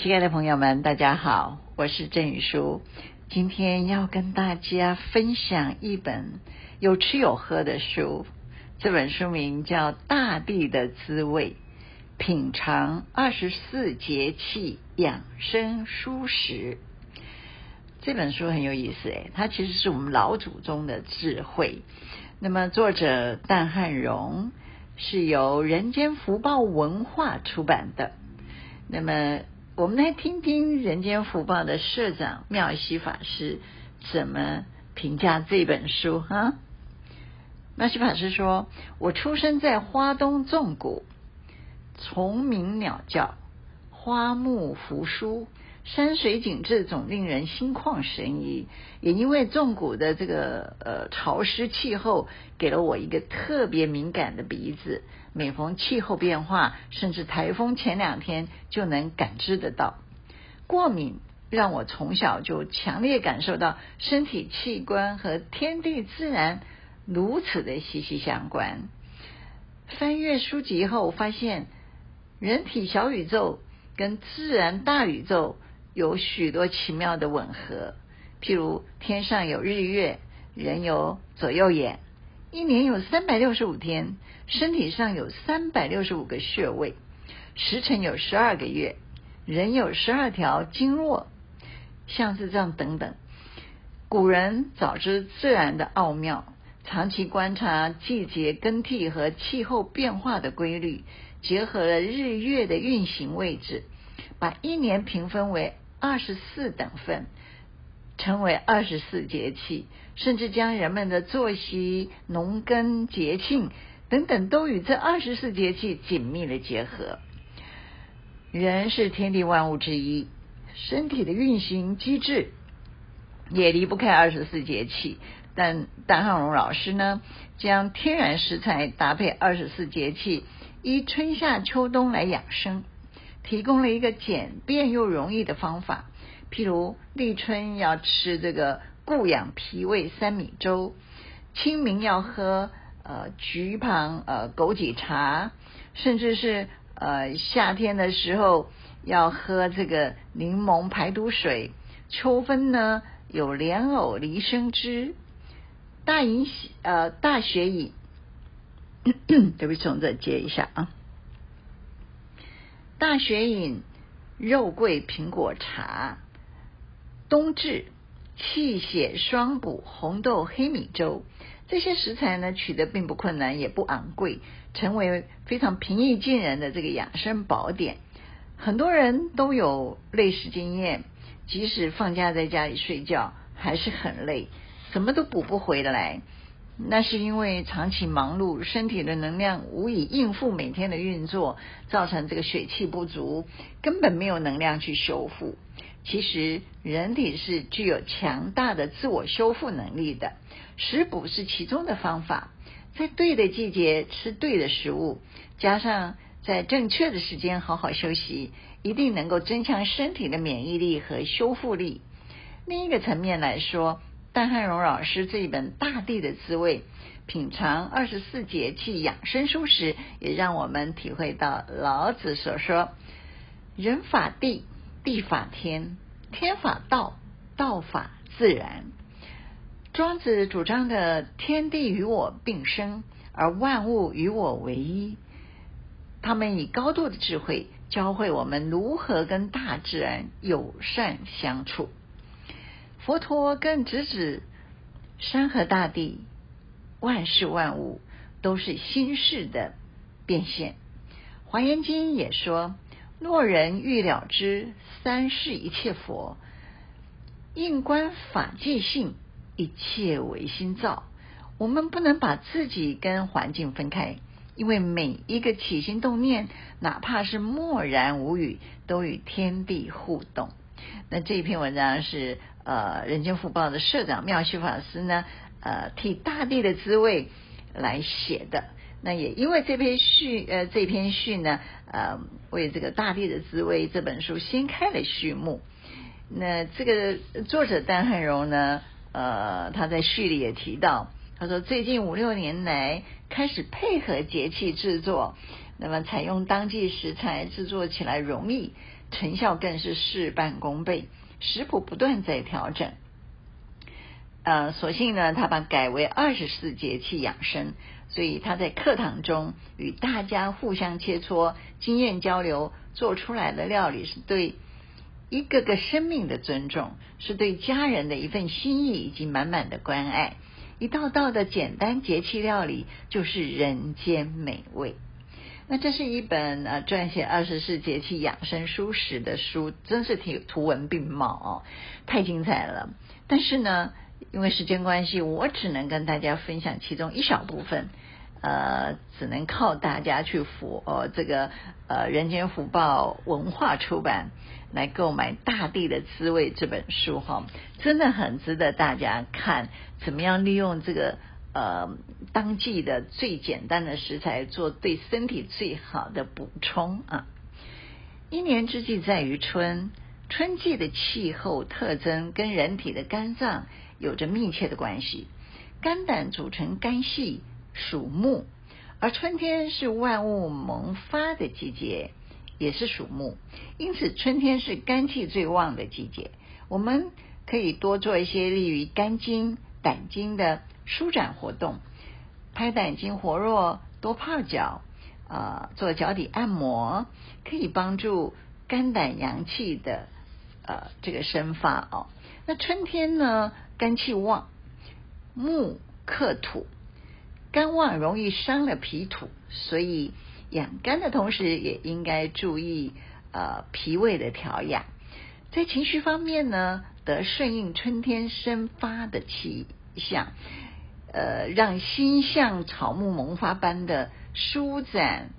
親愛的朋友們，大家好，我是鄭羽書。今天要跟大家分享一本有吃有喝的書。這本書名叫《大地的滋味》，品嘗二十四節氣養生蔬食。這本書很有意思，誒它其實是我們老祖宗的智慧。那麼，作者但漢蓉是由人間福報文化出版的。那麼。我們來聽聽人間福報的社長妙熙法師怎麼評價這本書哈。妙熙法師說：“我出生在花東縱谷，蟲鳴鳥叫，花木扶疏，山水景致總令人心曠神怡。也因為縱谷的這個呃潮濕氣候，給了我一個特別敏感的鼻子。”每逢氣候變化，甚至台風前兩天，就能感知得到。過敏讓我從小就強烈感受到身體器官和天地自然如此的息息相關。翻閱書籍後，發現人體小宇宙跟自然大宇宙有許多奇妙的吻合，譬如天上有日月，人有左右眼。一年有三百六十五天，身體上有三百六十五個穴位，時辰有十二個月，人有十二條經絡，像是這樣等等。古人早知自然的奧妙，長期觀察季節更替和氣候變化的規律，結合了日月的運行位置，把一年平分為二十四等份，稱為二十四節氣。甚至將人們的作息、農耕、節慶等等都與這二十四節氣緊密的結合。人是天地萬物之一，身體的運行機制也離不開二十四節氣。但譚尚榮老師呢，將天然食材搭配二十四節氣，依春夏秋冬來養生，提供了一個簡便又容易的方法。譬如立春要吃這個。固養脾胃三米粥，清明要喝呃橘旁呃枸杞茶，甚至是呃夏天的時候要喝這個檸檬排毒水，秋分呢，有蓮藕梨生汁，大飲呃大雪飲咳咳，對不起，我們再接一下啊，大雪飲肉桂蘋果茶，冬至。氣血雙補紅豆黑米粥，這些食材呢，取得並不困難，也不昂貴，成為非常平易近人的這個養生寶典。很多人都有類似經驗，即使放假在家裡睡覺，還是很累，什麼都補不回來。那是因為長期忙碌，身體的能量無以應付每天的運作，造成這個血氣不足，根本沒有能量去修復。其實，人體是具有強大的自我修復能力的。食補是其中的方法，在對的季節吃對的食物，加上在正確的時間好好休息，一定能夠增強身體的免疫力和修復力。另一個層面來說，但漢蓉老師這一本《大地的滋味：品嘗二十四節氣養生書》時，也讓我們體會到老子所說“人法地”。地法天，天法道，道法自然。莊子主張的天地與我並生，而萬物與我為一。他們以高度的智慧，教會我們如何跟大自然友善相處。佛陀更直指山河大地、萬事萬物都是心事的變現。《華嚴經》也說。若人欲了知，三世一切佛，應觀法界性，一切唯心造。我們不能把自己跟環境分開，因為每一個起心動念，哪怕是默然無語，都與天地互動。那這一篇文章是呃人間福報的社長妙熙法師呢，呃替大地的滋味來寫的。那也因為這篇序，呃，這篇序呢，呃，為這個《大地的滋味》這本書掀開了序幕。那這個作者單漢榮呢，呃，他在序裡也提到，他說最近五六年來開始配合節氣制作，那麼採用當季食材製作起來容易，成效更是事半功倍，食譜不斷在調整。呃、啊，索性呢，他把改為二十四節氣養生，所以他在課堂中與大家互相切磋、經驗交流，做出來的料理是對一個個生命的尊重，是對家人的一份心意以及滿滿的關愛。一道道的簡單節氣料理就是人間美味。那這是一本呃、啊、撰寫二十四節氣養生書時的書，真是挺圖文並茂哦，太精彩了。但是呢，因為時間關係，我只能跟大家分享其中一小部分，呃，只能靠大家去福哦，這個呃，人間福報文化出版來購買《大地的滋味》這本書哈，真的很值得大家看，怎麼樣利用這個呃當季的最簡單的食材做對身體最好的補充啊？一年之計在於春，春季的氣候特徵跟人體的肝臟。有着密切的關係，肝膽組成肝系，屬木，而春天是萬物萌發的季節，也是屬木，因此春天是肝氣最旺的季節。我們可以多做一些利於肝經、膽經的舒展活動，拍膽經活絡，多泡腳，呃，做腳底按摩，可以幫助肝膽陽氣的呃這個生發哦。那春天呢？肝氣旺，木克土，肝旺容易傷了脾土，所以養肝的同時也應該注意呃脾胃的調養。在情緒方面呢，得順應春天生發的氣象，呃，讓心像草木萌發般的舒展，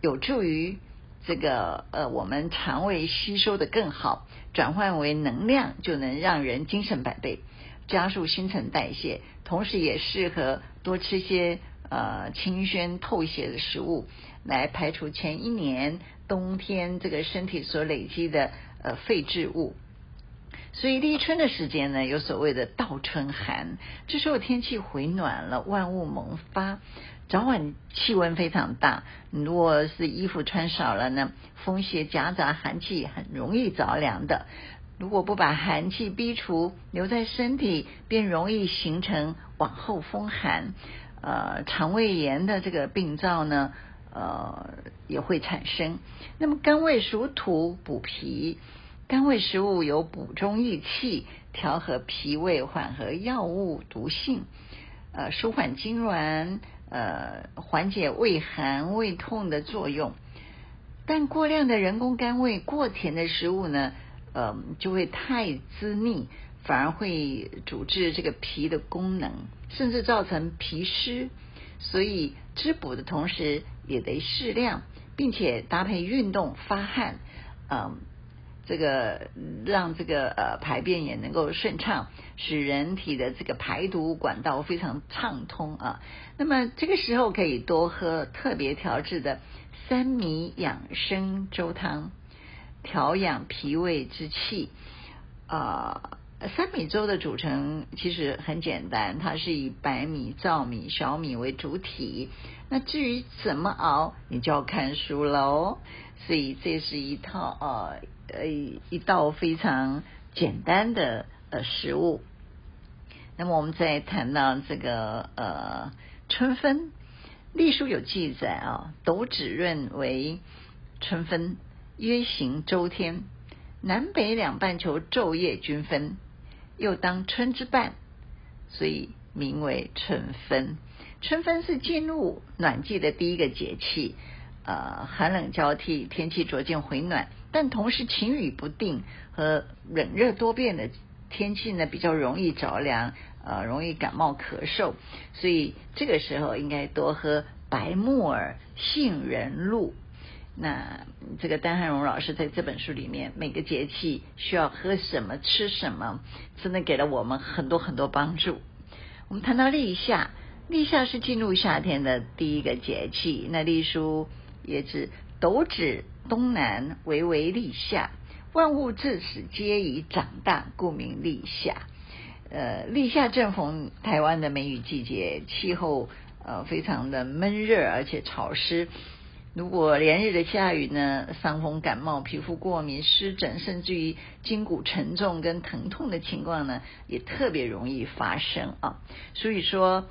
有助於，這個呃，我們腸胃吸收得更好，轉換為能量就能讓人精神百倍，加速新陳代謝，同時也適合多吃些呃清宣透血的食物，來排除前一年冬天這個身體所累積的呃廢質物。所以立春的時間呢，有所謂的倒春寒，這時候天氣回暖了，萬物萌發。早晚氣溫非常大，如果是衣服穿少了呢，風邪夾雜寒、寒氣，很容易着涼的。如果不把寒氣逼出，留在身體，便容易形成往後風寒，呃，腸胃炎的這個病灶呢，呃，也會產生。那麼甘味屬土，補脾，甘味食物有補中益氣，調和脾胃，緩和藥物毒性，呃，舒緩痙攣。呃，緩解胃寒胃痛的作用，但過量的人工甘味、過甜的食物呢，呃，就會太滋膩，反而會阻滯這個脾的功能，甚至造成脾濕。所以滋補的同時也得適量，並且搭配運動發汗，嗯、呃。這個讓這個呃排便也能夠順暢，使人體的這個排毒管道非常暢通啊。那麼這個時候可以多喝特別調製的三米養生粥湯，調養脾胃之氣。呃，三米粥的組成其實很簡單，它是以白米、糙米、小米為主體。那至於怎麼熬，你就要看書了哦。所以這是一套啊，呃一道非常簡單的呃食物。那麼我們再談到這個呃春分，曆書有記載啊，斗指壬為春分，約行周天，南北兩半球晝夜均分，又當春之半，所以名為春分。春分是進入暖季的第一個節氣。呃，寒冷交替，天氣逐漸回暖，但同時晴雨不定和冷熱多變的天氣呢，比較容易着涼，呃，容易感冒咳嗽，所以這個時候應該多喝白木耳、杏仁露。那這個單漢榮老師在這本書裡面，每個節氣需要喝什麼、吃什麼，真的給了我們很多很多幫助。我們談到立夏，立夏是進入夏天的第一個節氣，那立書。也指斗指東南，維為立夏。萬物至此皆已長大，故名立夏。呃，立夏正逢台灣的梅雨季節，氣候呃非常的悶熱而且潮濕。如果連日的下雨呢，傷風感冒、皮膚過敏、濕疹，甚至於筋骨沉重跟疼痛的情況呢，也特別容易發生啊。啊，所以說，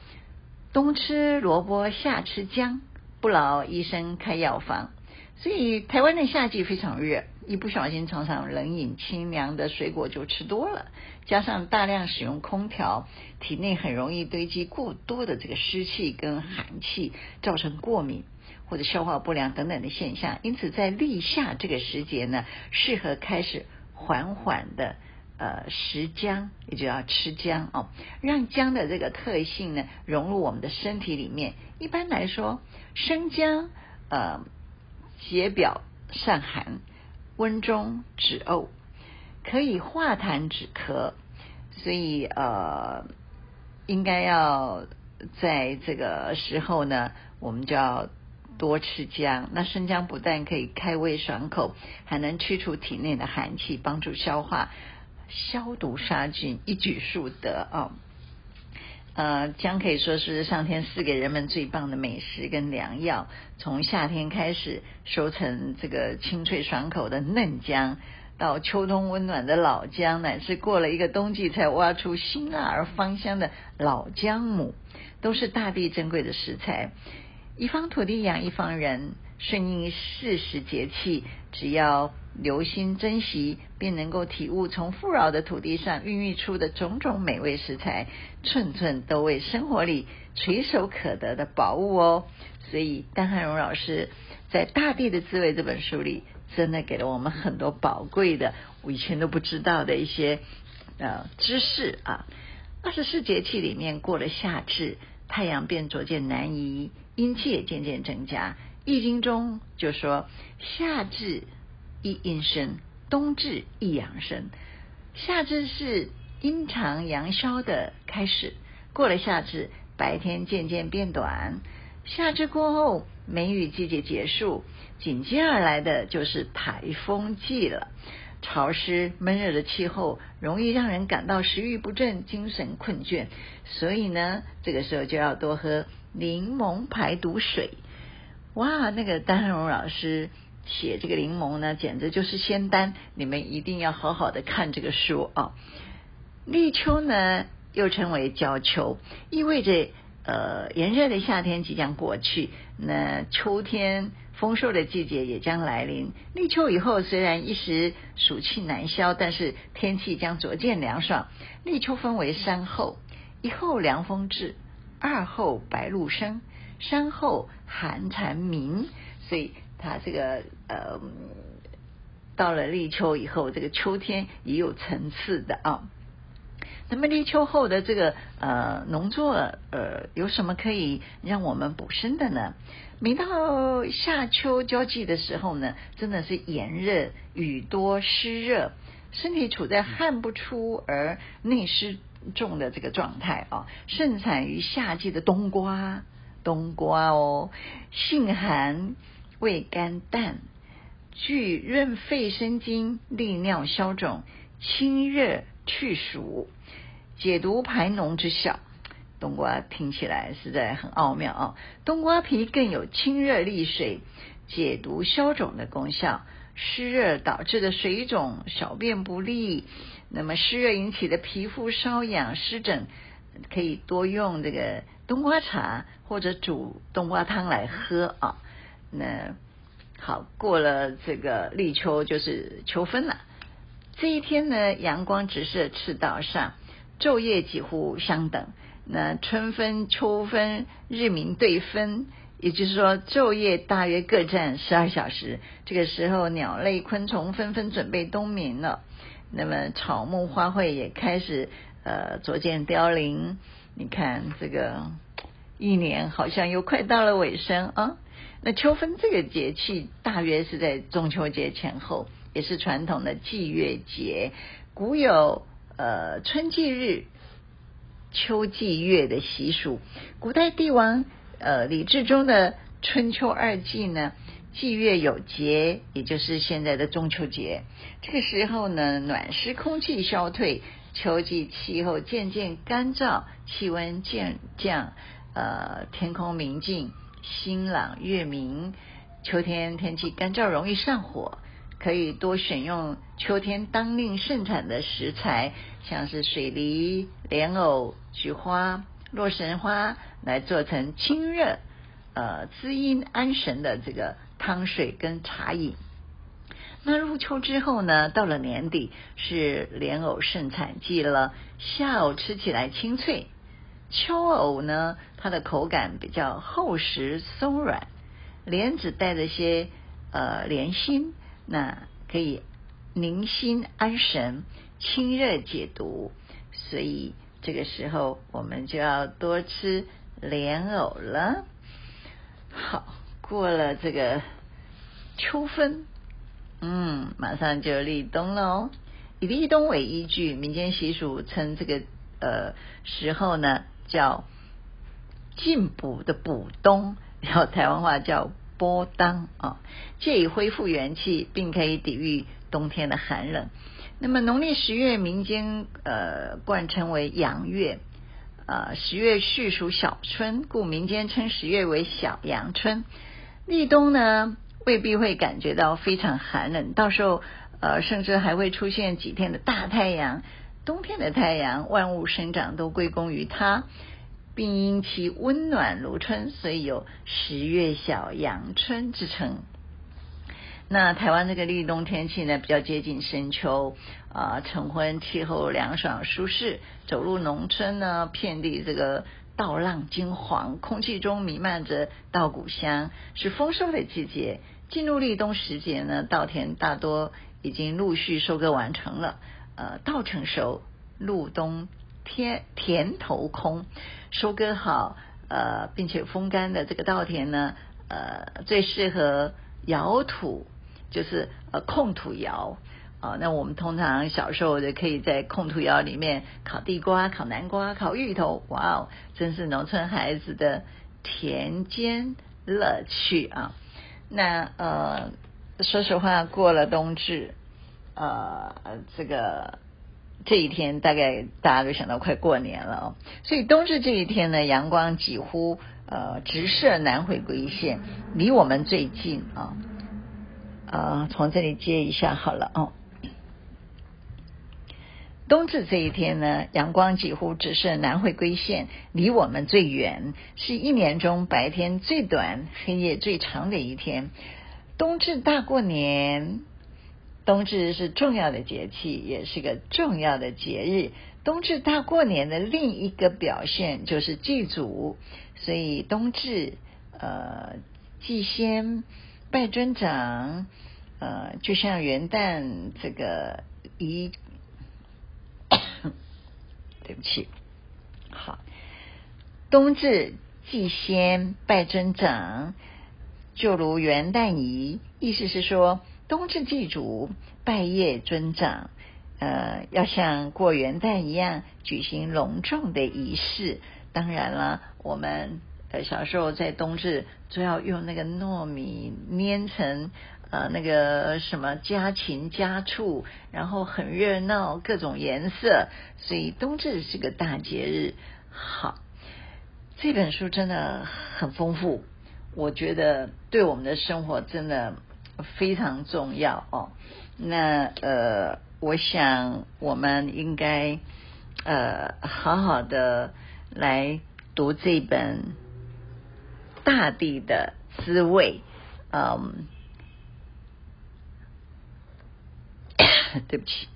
冬吃蘿蔔，夏吃薑。不勞醫生開藥方，所以台灣的夏季非常熱，一不小心常常冷飲清涼的水果就吃多了，加上大量使用空調，體內很容易堆積過多的這個濕氣跟寒氣，造成過敏，或者消化不良等等的現象。因此，在立夏這個時節呢，適合開始緩緩的，呃，食薑，也就要吃薑哦，讓薑的這個特性呢，融入我們的身體裡面。一般來說。生薑，呃，解表散寒，溫中止嘔，可以化痰止咳，所以呃，應該要在這個時候呢，我們就要多吃薑。那生薑不但可以開胃爽口，還能去除體內的寒氣，幫助消化，消毒殺菌，一舉數得啊。哦呃，薑可以說是上天賜給人們最棒的美食跟良藥。從夏天開始收成這個清脆爽口的嫩薑，到秋冬溫暖的老薑，乃至過了一個冬季才挖出辛辣而芳香的老薑母，都是大地珍貴的食材。一方土地養一方人。順應四時節氣，只要留心珍惜，便能夠體悟從富饒的土地上孕育出的種種美味食材，寸寸都為生活裡垂手可得的寶物哦。所以，丹漢榮老師在《大地的滋味》這本書裡，真的給了我們很多寶貴的、我以前都不知道的一些呃知識啊。二十四節氣裡面過了夏至，太陽便逐漸南移，陰氣也漸漸增加。易經中就說：夏至一陰生，冬至一陽生。夏至是陰長陽消的開始，過了夏至，白天漸漸變短。夏至過後，梅雨季節結束，緊接而來的就是台風季了。潮濕悶熱的氣候，容易讓人感到食欲不振、精神困倦，所以呢，這個時候就要多喝檸檬排毒水。哇，那個丹榮老師寫這個《檸檬》呢，簡直就是仙丹，你們一定要好好的看這個書啊、哦！立秋呢，又稱為交秋，意味着呃炎熱的夏天即將過去，那秋天豐收的季節也將來臨。立秋以後，雖然一時暑氣難消，但是天氣將逐漸涼爽。立秋分為三候：一候涼風至，二候白露生。山後寒蟬鳴，所以它這個呃，到了立秋以後，這個秋天也有層次的啊。那麼立秋後的這個呃農作呃，有什麼可以讓我們補身的呢？每到夏秋交際的時候呢，真的是炎熱、雨多、濕熱，身體處在汗不出而內濕重的這個狀態啊。盛產於夏季的冬瓜。冬瓜哦，性寒，味甘淡，具潤肺生津、利尿消腫、清熱去暑、解毒排膿之效。冬瓜聽起來實在很奧妙啊、哦！冬瓜皮更有清熱利水、解毒消腫的功效。濕熱導致的水腫、小便不利，那麼濕熱引起的皮膚瘙癢、濕疹，可以多用這個。冬瓜茶或者煮冬瓜湯來喝啊、哦。那好，過了這個立秋就是秋分了。這一天呢，陽光直射赤道上，晝夜幾乎相等。那春分、秋分，日明對分，也就是說晝夜大約各占十二小時。這個時候，鳥類、昆蟲紛紛紛準備冬眠了。那麼，草木花卉也開始呃逐漸凋零。你看這個一年好像又快到了尾聲啊。那秋分這個節氣大約是在中秋節前後，也是傳統的祭月節。古有呃春祭日、秋祭月的習俗。古代帝王呃禮制中的春秋二祭呢。祭月有節，也就是現在的中秋節。這個時候呢，暖濕空氣消退，秋季氣候漸漸乾燥，氣溫漸降，呃，天空明淨，星朗月明。秋天天氣乾燥，容易上火，可以多選用秋天當令盛產的食材，像是水梨、蓮藕、菊花、洛神花，來做成清熱、呃滋陰安神的這個。湯水跟茶飲。那入秋之後呢，到了年底是蓮藕盛產季了。夏藕吃起來清脆，秋藕呢，它的口感比較厚實鬆軟。蓮子帶着些呃蓮心，那可以寧心安神、清熱解毒，所以這個時候我們就要多吃蓮藕了。好。過了這個秋分，嗯，馬上就立冬了哦。以立冬為依據，民間習俗稱這個呃時候呢叫進補的補冬，然後台灣話叫波當啊、哦，借以恢復元氣，並可以抵御冬天的寒冷。那麼農曆十月，民間呃慣稱為陽月，呃十月序屬小春，故民間稱十月為小陽春。立冬呢，未必會感覺到非常寒冷，到時候呃，甚至還會出現幾天的大太陽。冬天的太陽，萬物生長都歸功於它，並因其溫暖如春，所以有十月小陽春之稱。那台灣這個立冬天氣呢，比較接近深秋啊，呃，晨昏氣候涼爽舒適，走入農村呢，遍地這個。稻浪金黃，空氣中瀰漫着稻穀香，是豐收的季節。進入立冬時節呢，稻田大多已經陸續收割完成了。呃，稻成熟，立冬天田頭空，收割好呃，並且風乾的這個稻田呢，呃，最適合窯土，就是呃控土窯，啊、哦，那我們通常小時候就可以在控土窯裡面烤地瓜、烤南瓜、烤芋頭，哇哦，真是農村孩子的田間樂趣啊！那呃，說實話，過了冬至，呃，這個這一天，大概大家都想到快過年了哦。所以冬至這一天呢，陽光幾乎呃直射南回歸線，離我們最近啊。啊、哦呃，從這裡接一下好了哦。冬至這一天呢，陽光幾乎只是南回歸線離我們最遠，是一年中白天最短、黑夜最長的一天。冬至大過年，冬至是重要的節氣，也是個重要的節日。冬至大過年的另一個表現就是祭祖，所以冬至，呃，祭先、拜尊長，呃，就像元旦這個一。對不起，好。冬至祭先拜尊長，就如元旦儀，意思是說冬至祭祖拜謁尊長，呃，要像過元旦一樣舉行隆重的儀式。當然了，我們呃小時候在冬至就要用那個糯米捏成。呃，那個什麼家禽家畜，然後很熱鬧，各種顏色，所以冬至是個大節日。好，這本書真的很豐富，我覺得對我們的生活真的非常重要哦。那呃，我想我們應該呃好好的來讀這本《大地的滋味》呃，嗯。對不起。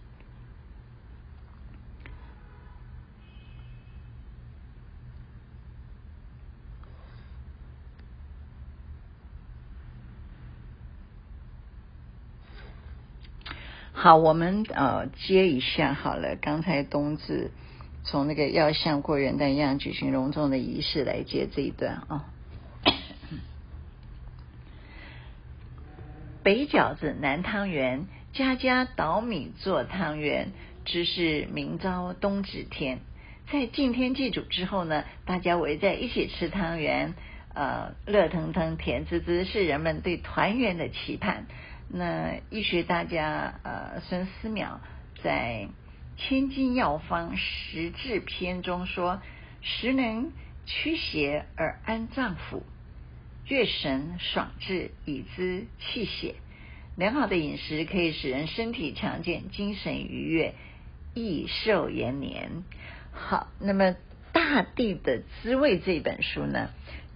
好，我們呃接一下好了。剛才冬至，從那個要像過元旦一樣舉行隆重的儀式來接這一段啊、哦。北餃子，南湯圓。家家搗米做湯圓，知是明朝冬至天。在敬天祭祖之後呢，大家圍在一起吃湯圓，呃，熱騰騰、甜滋滋，是人們對團圓的期盼。那醫學大家呃孫思邈在《千金藥方·食治篇》中說：“食能驅邪而安臟腑，悅神爽志以滋氣血。”良好的飲食可以使人身體強健、精神愉悅、益壽延年。好，那麼《大地的滋味》這本書呢，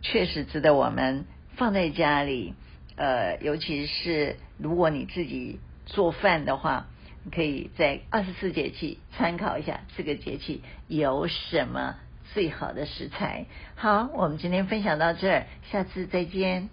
確實值得我們放在家裡。呃，尤其是如果你自己做飯的話，你可以在二十四節氣參考一下，這個節氣有什麼最好的食材。好，我們今天分享到這兒，下次再見。